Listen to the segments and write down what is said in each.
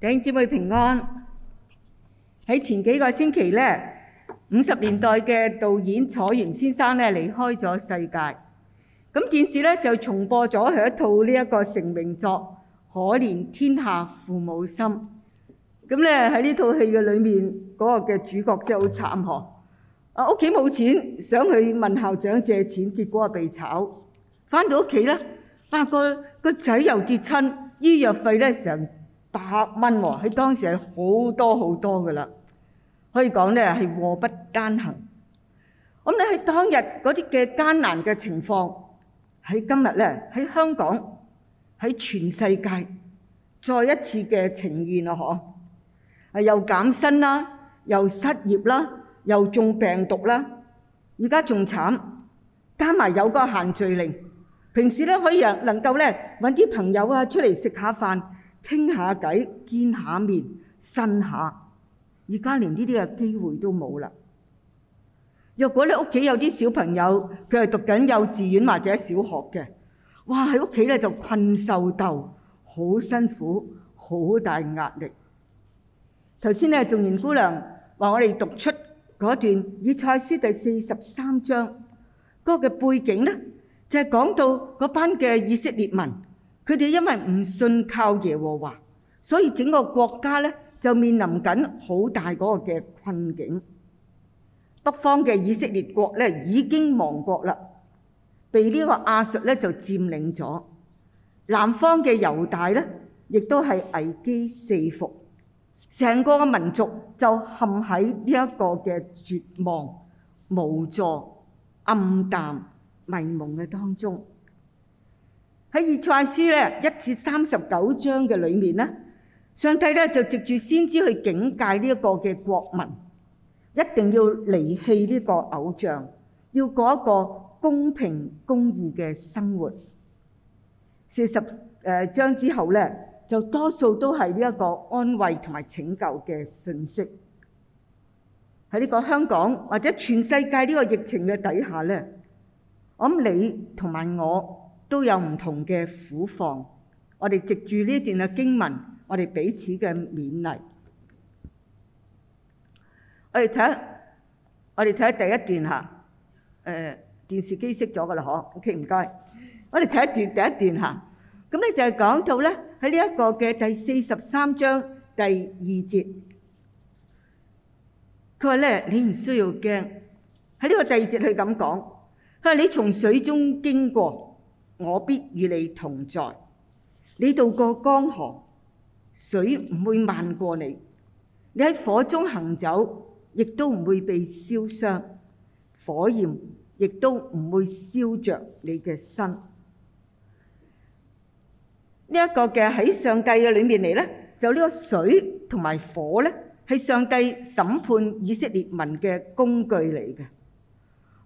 頂姐妹平安，喺前幾個星期咧，五十年代嘅導演楚原先生咧離開咗世界。咁電視咧就重播咗佢一套呢一個成名作《可憐天下父母心》。咁咧喺呢套戲嘅裏面，嗰個嘅主角真係好慘呵！啊，屋企冇錢，想去問校長借錢，結果被炒。返到屋企咧，發覺個仔又跌親，醫藥費咧成。百蚊喎，喺當時係好多好多㗎喇。可以講咧，係禍不單行。咁你喺當日嗰啲嘅艱難嘅情況，喺今日咧，喺香港，喺全世界再一次嘅呈現啊！嗬，啊又減薪啦，又失業啦，又中病毒啦。而家仲慘，加埋有個限聚令。平時咧可以能夠咧搵啲朋友啊出嚟食下飯。傾下偈、見下面、呻下，而家連呢啲嘅機會都冇啦。若果你屋企有啲小朋友，佢係讀緊幼稚園或者小學嘅，哇，喺屋企咧就困獸鬥，好辛苦，好大壓力。頭先咧仲賢姑娘話：我哋讀出嗰段以賽書第四十三章嗰個嘅背景咧，就係講到嗰班嘅以色列民。佢哋因為唔信靠耶和華，所以整個國家咧就面臨緊好大嗰個嘅困境。北方嘅以色列國咧已經亡國啦，被呢個亞述咧就佔領咗。南方嘅猶大咧，亦都係危機四伏，成個民族就陷喺呢一個嘅絕望、無助、暗淡、迷蒙嘅當中。喺《以賽亞書》咧一至三十九章嘅裏面咧，上帝咧就藉住先知去警戒呢一個嘅國民，一定要離棄呢個偶像，要過一個公平公義嘅生活。四十誒章之後咧，就多數都係呢一個安慰同埋拯救嘅信息。喺呢個香港或者全世界呢個疫情嘅底下咧，我諗你同埋我，都有唔同嘅苦況，我哋藉住呢一段嘅經文，我哋彼此嘅勉勵。我哋睇，我哋睇第一段吓，誒，電視機熄咗噶啦，嗬，OK，唔該，我哋睇一段第一段吓，咁咧就係講到咧喺呢一個嘅第四十三章第二節，佢話咧你唔需要驚，喺呢個第二節佢咁講，佢話你從水中經過。我必與你同在，你渡過江河，水唔會漫過你；你喺火中行走，亦都唔會被燒傷，火焰亦都唔會燒着你嘅身。呢、這、一個嘅喺上帝嘅裏面嚟呢，就呢個水同埋火呢，係上帝審判以色列民嘅工具嚟嘅。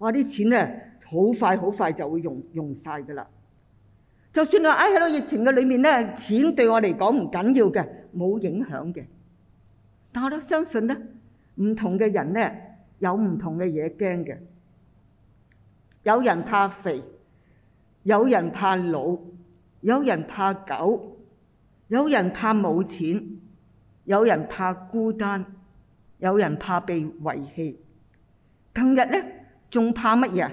我啲錢咧，好快好快就會用用曬㗎喇。就算我喺喺個疫情嘅裏面咧，錢對我嚟講唔緊要嘅，冇影響嘅。但我都相信咧，唔同嘅人咧有唔同嘅嘢驚嘅。有人怕肥，有人怕老，有人怕狗，有人怕冇錢，有人怕孤單，有人怕被遺棄。近日咧。仲怕乜嘢？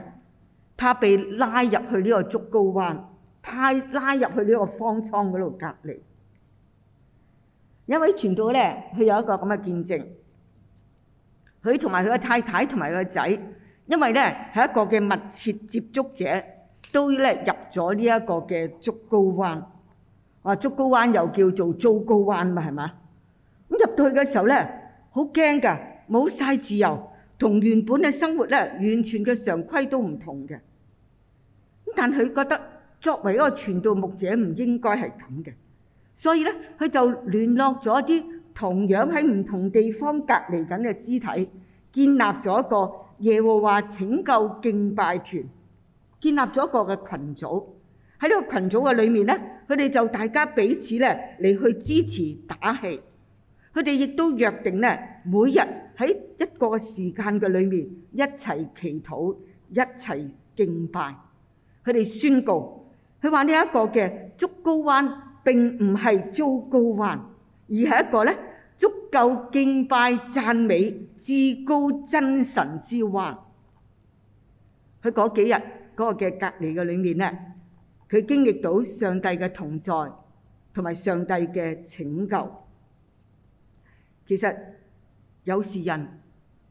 怕被拉入去呢個竹篙灣，怕拉入去呢個方艙嗰度隔離。因為傳道咧，佢有一個咁嘅見證，佢同埋佢嘅太太同埋佢個仔，因為咧係一個嘅密切接觸者，都咧入咗呢一個嘅竹篙灣。話竹篙灣又叫做糟糕灣嘛，係嘛？咁入到去嘅時候咧，好驚㗎，冇晒自由。同原本嘅生活咧，完全嘅常規都唔同嘅。但佢覺得作為一個傳道牧者唔應該係咁嘅，所以咧佢就聯絡咗一啲同樣喺唔同地方隔離緊嘅肢體，建立咗一個耶和華拯救敬拜團，建立咗一個嘅群組。喺呢個群組嘅裏面咧，佢哋就大家彼此咧嚟去支持打氣。佢哋亦都約定咧，每日。喺一個嘅時間嘅裏面，一齊祈禱，一齊敬拜。佢哋宣告，佢話呢一個嘅竹篙灣並唔係糟糕灣，而係一個咧足夠敬拜讚美至高真神之灣。佢嗰幾日嗰個嘅隔離嘅裏面咧，佢經歷到上帝嘅同在同埋上帝嘅拯救。其實。有時人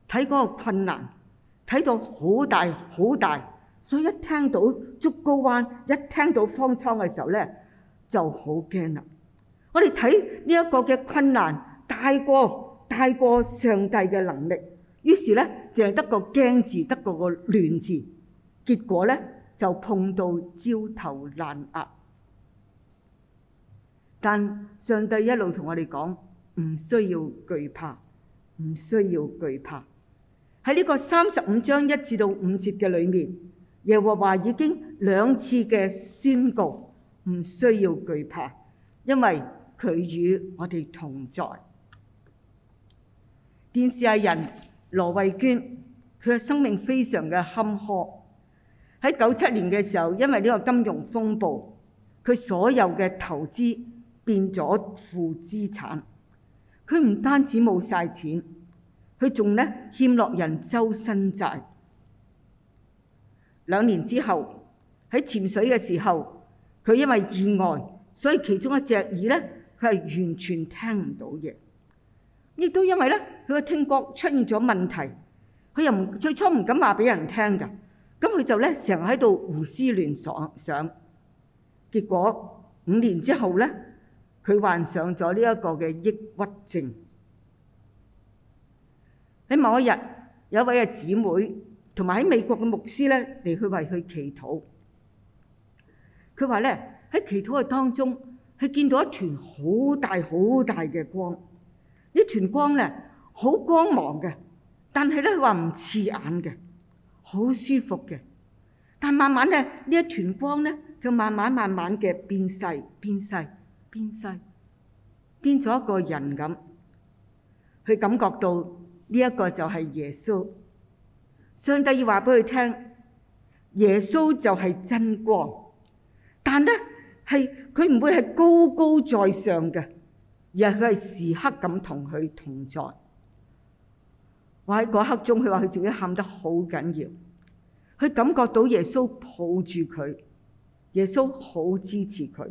睇嗰個困難睇到好大好大，所以一聽到竹篙灣，一聽到方艙嘅時候咧，就好驚啦！我哋睇呢一個嘅困難大過大過上帝嘅能力，於是咧，淨係得個驚字，得個亂字，結果咧就碰到焦頭爛額。但上帝一路同我哋講，唔需要懼怕。唔需要懼怕，喺呢個三十五章一至到五節嘅裏面，耶和華已經兩次嘅宣告唔需要懼怕，因為佢與我哋同在。電視藝人羅慧娟，佢嘅生命非常嘅坎坷。喺九七年嘅時候，因為呢個金融風暴，佢所有嘅投資變咗負資產。佢唔單止冇曬錢，佢仲咧欠落人周身債。兩年之後喺潛水嘅時候，佢因為意外，所以其中一隻耳咧佢係完全聽唔到嘢。亦都因為咧佢嘅聽覺出現咗問題，佢又唔最初唔敢話俾人聽㗎。咁佢就咧成日喺度胡思亂想想，結果五年之後咧。佢患上咗呢一個嘅抑鬱症。喺某一日，有一位嘅姊妹同埋喺美國嘅牧師咧嚟去為佢祈禱。佢話咧喺祈禱嘅當中，佢見到一團好大好大嘅光，呢團光咧好光芒嘅，但係咧佢話唔刺眼嘅，好舒服嘅。但係慢慢咧呢一團光咧就慢慢慢慢嘅變細變細。變世，變咗一個人咁，佢感覺到呢一個就係耶穌。上帝要話俾佢聽，耶穌就係真光。但呢係佢唔會係高高在上嘅，而係佢係時刻咁同佢同在。我喺嗰刻鐘，佢話佢仲要喊得好緊要，佢感覺到耶穌抱住佢，耶穌好支持佢。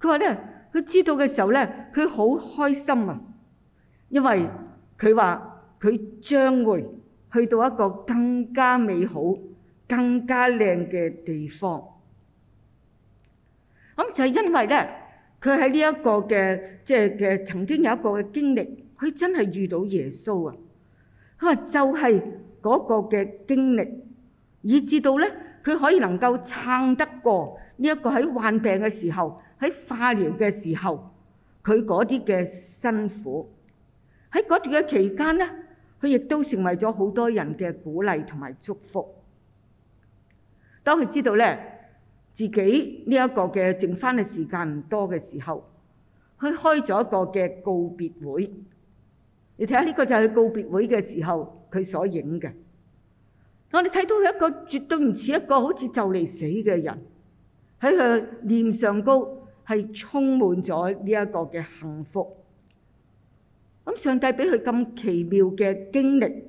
佢話咧，佢知道嘅時候咧，佢好開心啊！因為佢話佢將會去到一個更加美好、更加靚嘅地方。咁就係因為咧，佢喺呢一個嘅即係嘅曾經有一個嘅經歷，佢真係遇到耶穌啊！佢話就係嗰個嘅經歷，以至到咧，佢可以能夠撐得過呢一個喺患病嘅時候。喺化療嘅時候，佢嗰啲嘅辛苦，喺嗰段嘅期間咧，佢亦都成為咗好多人嘅鼓勵同埋祝福。當佢知道咧，自己呢一個嘅剩翻嘅時間唔多嘅時候，佢開咗一個嘅告別會。你睇下呢個就係佢告別會嘅時候，佢所影嘅。我哋睇到佢一個絕對唔似一個好似就嚟死嘅人，喺佢臉上高係充滿咗呢一個嘅幸福。咁上帝畀佢咁奇妙嘅經歷，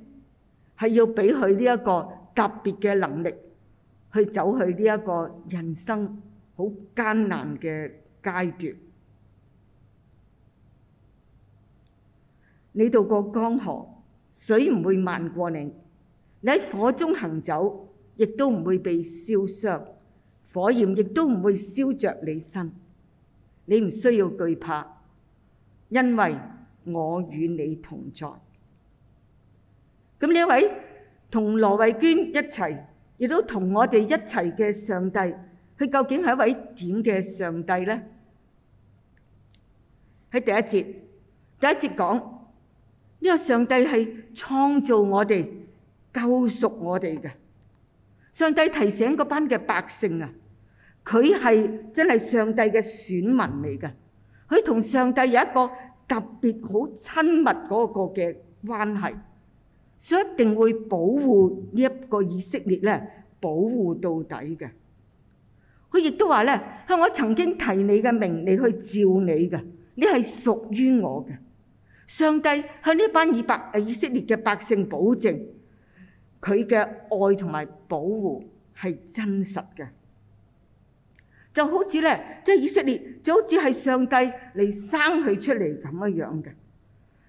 係要畀佢呢一個特別嘅能力去走去呢一個人生好艱難嘅階段。你渡過江河，水唔會漫過你；你喺火中行走，亦都唔會被燒傷，火焰亦都唔會燒着你身。你唔需要懼怕，因為我與你同在。咁呢位同羅慧娟一齊，亦都同我哋一齊嘅上帝，佢究竟係一位點嘅上帝呢？喺第一節，第一節講，呢個上帝係創造我哋、救贖我哋嘅。上帝提醒嗰班嘅百姓啊！佢係真係上帝嘅選民嚟噶，佢同上帝有一個特別好親密嗰個嘅關係，所以一定會保護呢一個以色列咧，保護到底嘅。佢亦都話咧，我曾經提你嘅名去你去召你嘅，你係屬於我嘅。上帝向呢班以白以色列嘅百姓保證，佢嘅愛同埋保護係真實嘅。就好似咧，即係以色列就好似係上帝嚟生佢出嚟咁嘅樣嘅。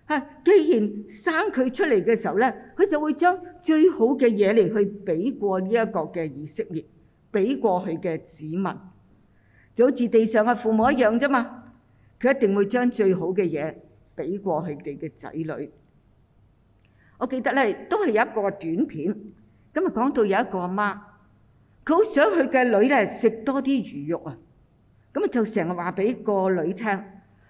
啊，既然生佢出嚟嘅時候咧，佢就會將最好嘅嘢嚟去俾過呢一個嘅以色列，俾過佢嘅子民，就好似地上嘅父母一樣啫嘛。佢一定會將最好嘅嘢俾過佢哋嘅仔女。我記得咧，都係有一個短片，咁啊講到有一個阿媽。佢好想佢嘅女咧食多啲魚肉啊！咁啊就成日話俾個女聽：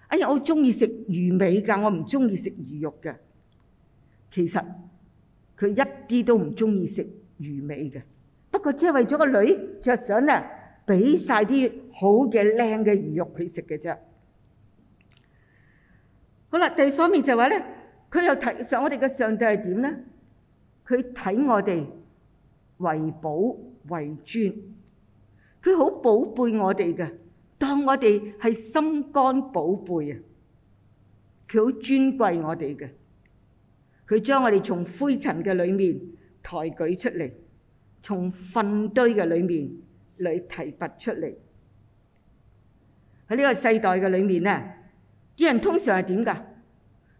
哎呀，我鍾意食魚尾㗎，我唔鍾意食魚肉㗎。其實佢一啲都唔鍾意食魚尾嘅，不過即係為咗個女着想啊，俾晒啲好嘅靚嘅魚肉佢食嘅啫。好啦，第二方面就話咧，佢又睇上我哋嘅上帝係點咧？佢睇我哋，為寶為尊，佢好寶貝我哋嘅，當我哋係心肝寶貝啊！佢好尊貴我哋嘅，佢將我哋從灰塵嘅裏面抬舉出嚟，從糞堆嘅裏面嚟提拔出嚟。喺呢個世代嘅裏面咧，啲人通常係點噶？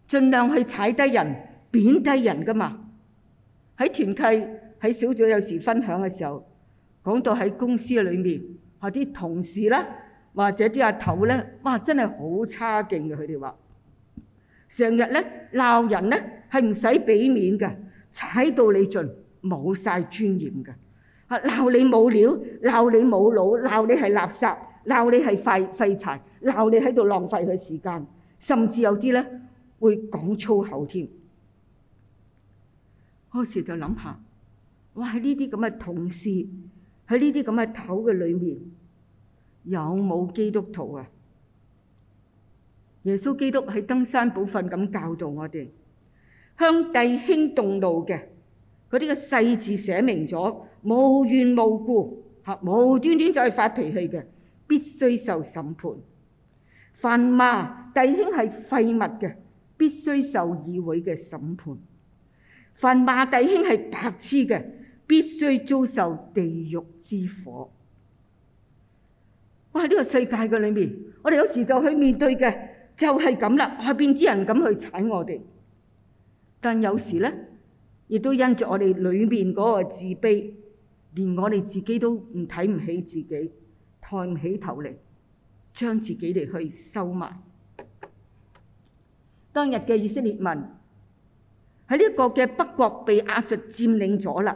盡量去踩低人、貶低人噶嘛，喺團契。喺小組有時分享嘅時候，講到喺公司裏面，話啲同事咧，或者啲阿頭咧，哇！真係好差勁嘅，佢哋話，成日咧鬧人咧係唔使俾面嘅，踩到你盡，冇曬尊嚴嘅。嚇鬧你冇料，鬧你冇腦，鬧你係垃圾，鬧你係廢廢柴，鬧你喺度浪費佢時間，甚至有啲咧會講粗口添。嗰時就諗下。哇！喺呢啲咁嘅同事，喺呢啲咁嘅頭嘅裏面，有冇基督徒啊？耶穌基督喺登山寶訓咁教導我哋，向弟兄動怒嘅嗰啲嘅細字寫明咗，無緣無故嚇無端端就係發脾氣嘅，必須受審判。凡罵弟兄係廢物嘅，必須受議會嘅審判。凡罵弟兄係白痴嘅，必須遭受地獄之火。我喺呢個世界嘅裏面，我哋有時就去面對嘅就係咁啦，下邊啲人咁去踩我哋。但有時咧，亦都因著我哋裏面嗰個自卑，連我哋自己都唔睇唔起自己，抬唔起頭嚟，將自己嚟去收埋。當日嘅以色列民喺呢個嘅北國被亞述佔領咗啦。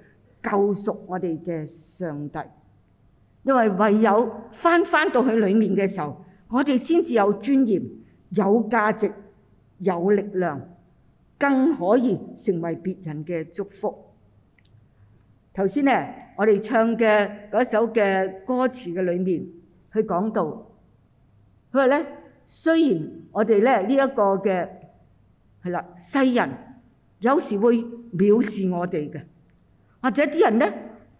救贖我哋嘅上帝，因為唯有翻翻到去裏面嘅時候，我哋先至有尊嚴、有價值、有力量，更可以成為別人嘅祝福。頭先呢，我哋唱嘅嗰首嘅歌詞嘅裏面佢講到，佢話咧，雖然我哋咧呢一個嘅係啦，世人有時會藐視我哋嘅。或者啲人咧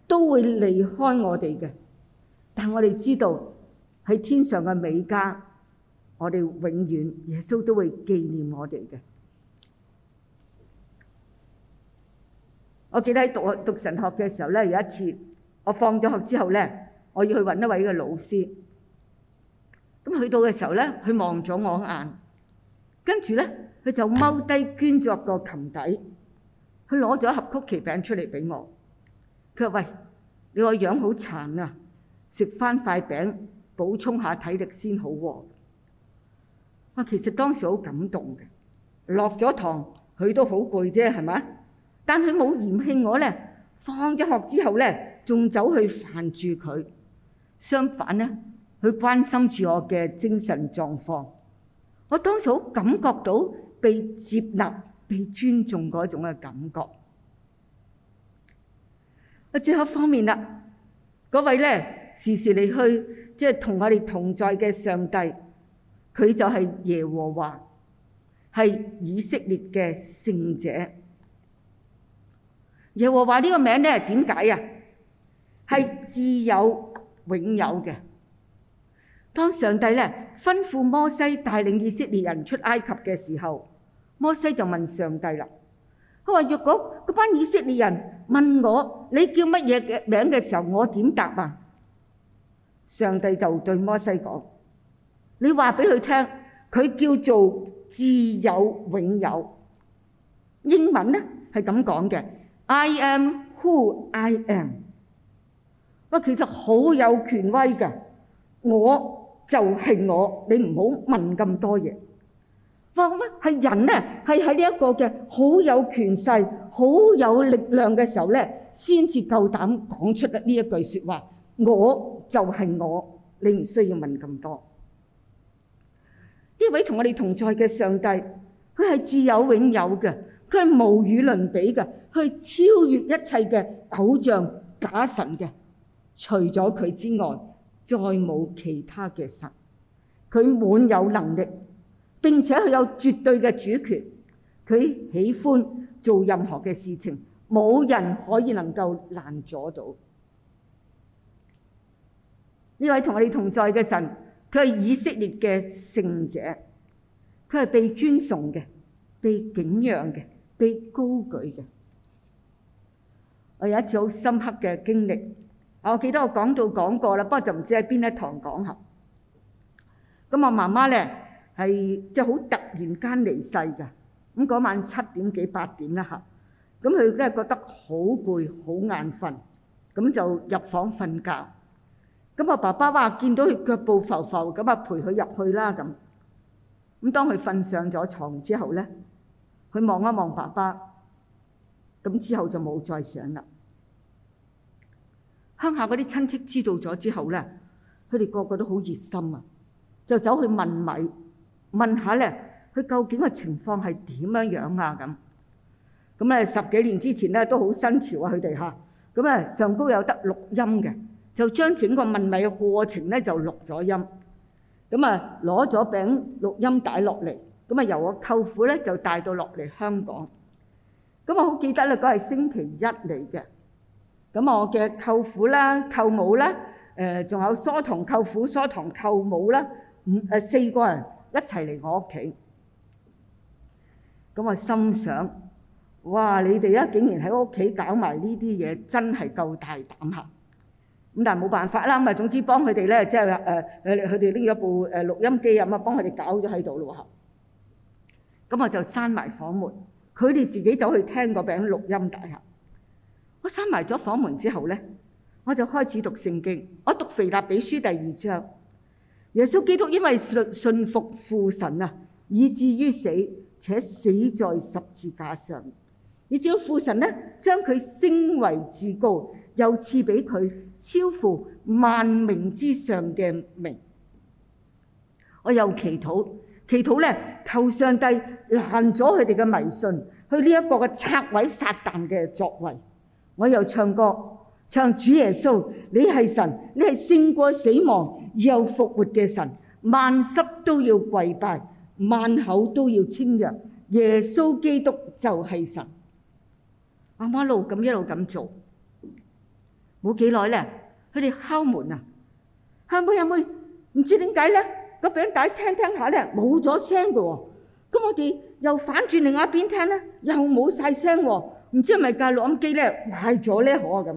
都會離開我哋嘅，但我哋知道喺天上嘅美家，我哋永遠耶穌都會紀念我哋嘅。我記得喺讀讀神學嘅時候咧，有一次我放咗學之後咧，我要去揾一位嘅老師。咁去到嘅時候咧，佢望咗我一眼，跟住咧佢就踎低捐咗個琴底。佢攞咗一盒曲奇餅出嚟畀我，佢話：喂，你個樣好殘啊，食翻塊餅補充下體力先好。啊，其實當時好感動嘅。落咗堂佢都好攰啫，係咪？但佢冇嫌棄我咧，放咗學之後咧，仲走去煩住佢。相反咧，佢關心住我嘅精神狀況。我當時好感覺到被接納。被尊重嗰種嘅感覺。啊，最後一方面啦，嗰位咧時時離去，即係同我哋同在嘅上帝，佢就係耶和華，係以色列嘅聖者。耶和華呢個名咧，點解啊？係自有、永有嘅。當上帝咧吩咐摩西帶領以色列人出埃及嘅時候。摩西就問上帝啦，佢話若果嗰班以色列人問我你叫乜嘢嘅名嘅時候，我點答啊？上帝就對摩西講：你話畀佢聽，佢叫做自有永有。英文咧係咁講嘅，I am who I am。喂，其實好有權威㗎，我就係我，你唔好問咁多嘢。放乜係人咧？係喺呢一個嘅好有權勢、好有力量嘅時候咧，先至夠膽講出呢一句說話。我就係我，你唔需要問咁多。呢位同我哋同在嘅上帝，佢係自有永有嘅，佢係無與倫比嘅，佢係超越一切嘅偶像假神嘅。除咗佢之外，再冇其他嘅神。佢滿有能力。並且佢有絕對嘅主權，佢喜歡做任何嘅事情，冇人可以能夠攔阻到。呢位同我哋同在嘅神，佢係以色列嘅聖者，佢係被尊崇嘅、被敬仰嘅、被高舉嘅。我有一次好深刻嘅經歷，我記得我講到講過啦，不過就唔知喺邊一堂講下。咁啊，我媽媽咧。係即係好突然間離世㗎，咁嗰晚七點幾八點啦吓，咁佢梗係覺得好攰好眼瞓，咁就入房瞓覺。咁阿爸爸話見到佢腳步浮浮，咁啊陪佢入去啦咁。咁當佢瞓上咗床之後咧，佢望一望爸爸，咁之後就冇再醒啦。鄉下嗰啲親戚知道咗之後咧，佢哋個個都好熱心啊，就走去問米。問下咧，佢究竟嘅情況係點樣樣啊？咁咁咧，十幾年之前咧都好新潮啊！佢哋嚇，咁咧上高有得錄音嘅，就將整個問米嘅過程咧就錄咗音。咁啊，攞咗餅錄音帶落嚟，咁啊由我舅父咧就帶到落嚟香港。咁我好記得咧，嗰係星期一嚟嘅。咁我嘅舅父啦、舅母啦，誒仲有疏堂舅父、疏堂舅母啦，五誒四個人。一齊嚟我屋企，咁我心想：哇！你哋啊，竟然喺屋企搞埋呢啲嘢，真係夠大膽嚇！咁但係冇辦法啦，咁啊，總之幫佢哋咧，即係誒誒，佢哋拎咗部誒錄音機啊，咁啊幫佢哋搞咗喺度咯喎。咁我就閂埋房門，佢哋自己走去聽嗰餅錄音帶啊！我閂埋咗房門之後咧，我就開始讀聖經，我讀腓立比書第二章。耶穌基督因為信順服父神啊，以至於死，且死在十字架上。以至於父神呢，將佢升為至高，又賜俾佢超乎萬名之上嘅名。我又祈禱，祈禱咧求上帝攔咗佢哋嘅迷信，去呢一個嘅拆毀撒旦嘅作為。我又唱歌。唱主耶穌，你係神，你係勝過死亡又復活嘅神，萬膝都要跪拜，萬口都要稱揚。耶穌基督就係神。阿媽路咁一路咁做，冇幾耐咧，佢哋敲門啊，阿妹阿妹，唔知點解咧，個餅底聽聽下咧冇咗聲噶。咁我哋又反轉另外一邊聽咧，又冇晒聲，唔知係咪架錄音機咧壞咗咧，可咁？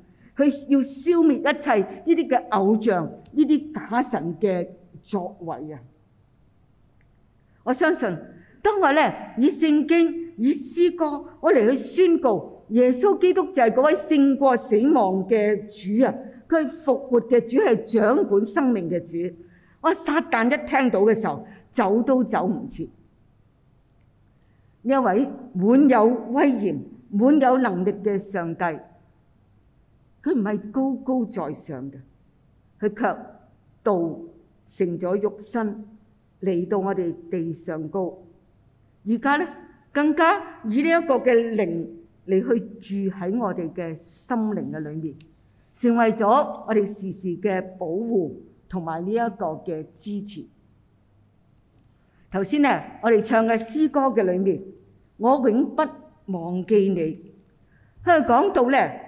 佢要消滅一切呢啲嘅偶像，呢啲假神嘅作為啊！我相信當我咧以聖經、以詩歌，我嚟去宣告耶穌基督就係嗰位勝過死亡嘅主啊！佢復活嘅主係掌管生命嘅主。我撒但一聽到嘅時候，走都走唔切。呢一位滿有威嚴、滿有能力嘅上帝。佢唔係高高在上嘅，佢卻道成咗肉身嚟到我哋地上高。而家咧更加以呢一個嘅靈嚟去住喺我哋嘅心靈嘅裏面，成為咗我哋時時嘅保護同埋呢一個嘅支持。頭先咧，我哋唱嘅詩歌嘅裏面，我永不忘記你。佢講到咧。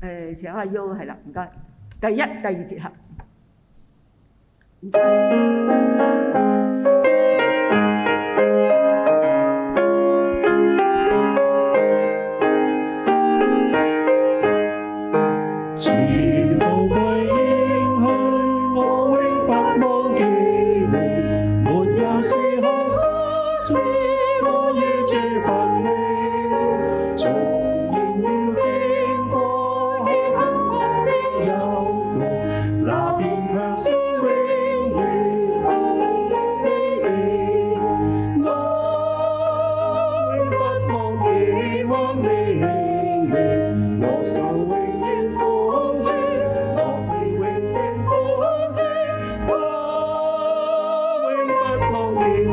誒，請阿 U 係啦，唔該。第一、第二節啦。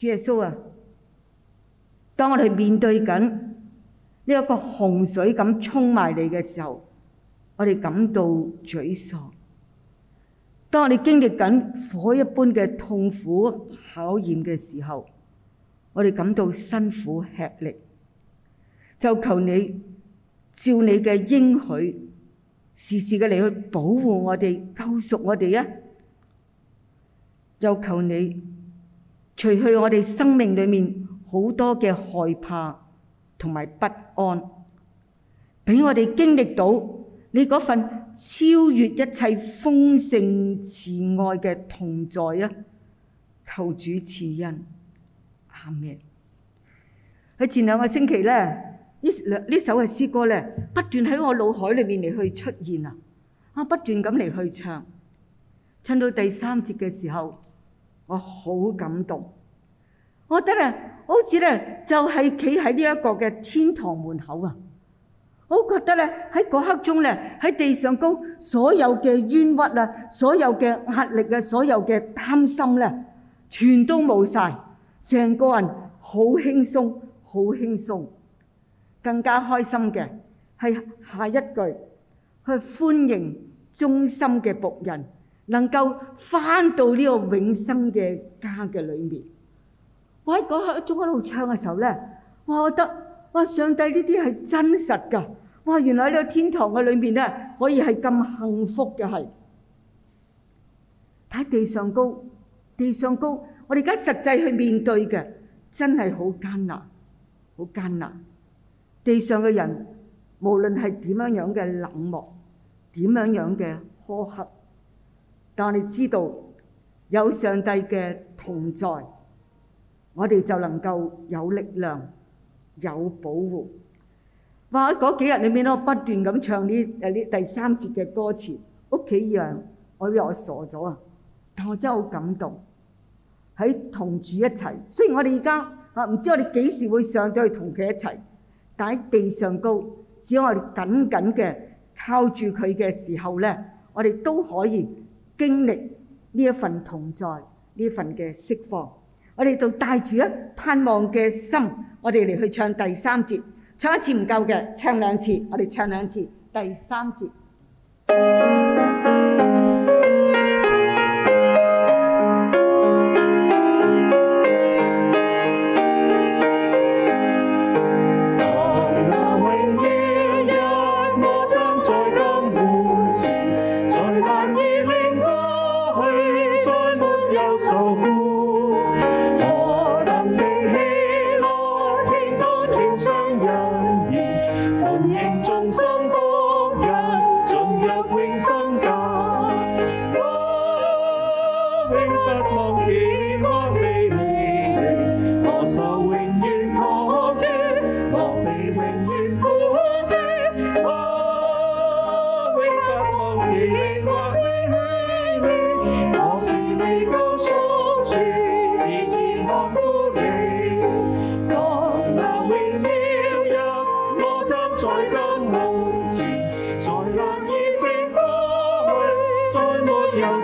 主耶穌啊，當我哋面對緊呢一個洪水咁衝埋嚟嘅時候，我哋感到沮喪；當我哋經歷緊火一般嘅痛苦考驗嘅時候，我哋感到辛苦吃力。就求你照你嘅應許，時時嘅嚟去保護我哋、救贖我哋啊！又求你。除去我哋生命裏面好多嘅害怕同埋不安，俾我哋經歷到你嗰份超越一切豐盛慈愛嘅同在啊！求主賜恩，阿們。喺前兩個星期咧，呢兩呢首嘅詩歌咧，不斷喺我腦海裏面嚟去出現啊！我，不斷咁嚟去唱，唱到第三節嘅時候。我好感動，我覺得咧，好似咧就係企喺呢一個嘅天堂門口啊！我覺得咧，喺嗰刻中咧，喺地上高所有嘅冤屈啊，所有嘅壓力啊，所有嘅擔心咧，全都冇晒，成個人好輕鬆，好輕鬆，更加開心嘅係下一句去歡迎忠心嘅僕人。能夠返到呢個永生嘅家嘅裏面，我喺嗰刻一路唱嘅時候咧，哇！覺得哇，上帝呢啲係真實㗎。哇！原來喺呢個天堂嘅裏面咧，可以係咁幸福嘅係。睇地上高，地上高，我哋而家實際去面對嘅真係好艱難，好艱難。地上嘅人，無論係點樣樣嘅冷漠，點樣樣嘅苛刻。但我哋知道有上帝嘅同在，我哋就能夠有力量、有保護。哇！嗰幾日裡面咧，我不斷咁唱呢，誒呢第三節嘅歌詞，屋企人以為我傻咗啊！但我真係好感動，喺同主一齊。雖然我哋而家啊，唔知我哋幾時會上到去同佢一齊，但喺地上高，只要我哋緊緊嘅靠住佢嘅時候咧，我哋都可以。經歷呢一份同在，呢份嘅釋放，我哋就帶住一盼望嘅心，我哋嚟去唱第三節，唱一次唔夠嘅，唱兩次，我哋唱兩次第三節。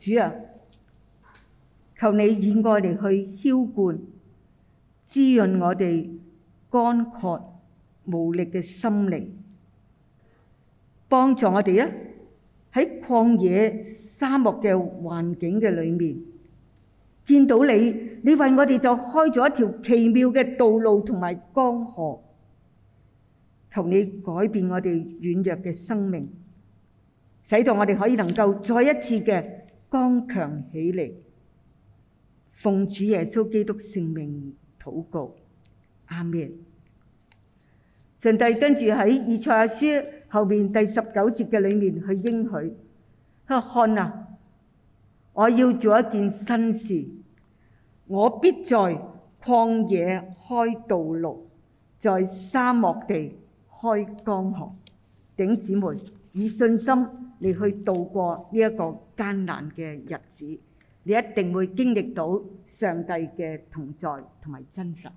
主啊，求你以愛嚟去澆灌、滋潤我哋乾渴無力嘅心靈，幫助我哋啊！喺曠野沙漠嘅環境嘅裏面，見到你，你為我哋就開咗一條奇妙嘅道路同埋江河，求你改變我哋軟弱嘅生命，使到我哋可以能夠再一次嘅，剛強起嚟，奉主耶穌基督聖名禱告，阿門。上帝跟住喺以賽亞書後面第十九節嘅裏面去應許，佢話，看啊，我要做一件新事，我必在曠野開道路，在沙漠地開江河。頂姊妹以信心。你去渡過呢一個艱難嘅日子，你一定會經歷到上帝嘅同在同埋真實。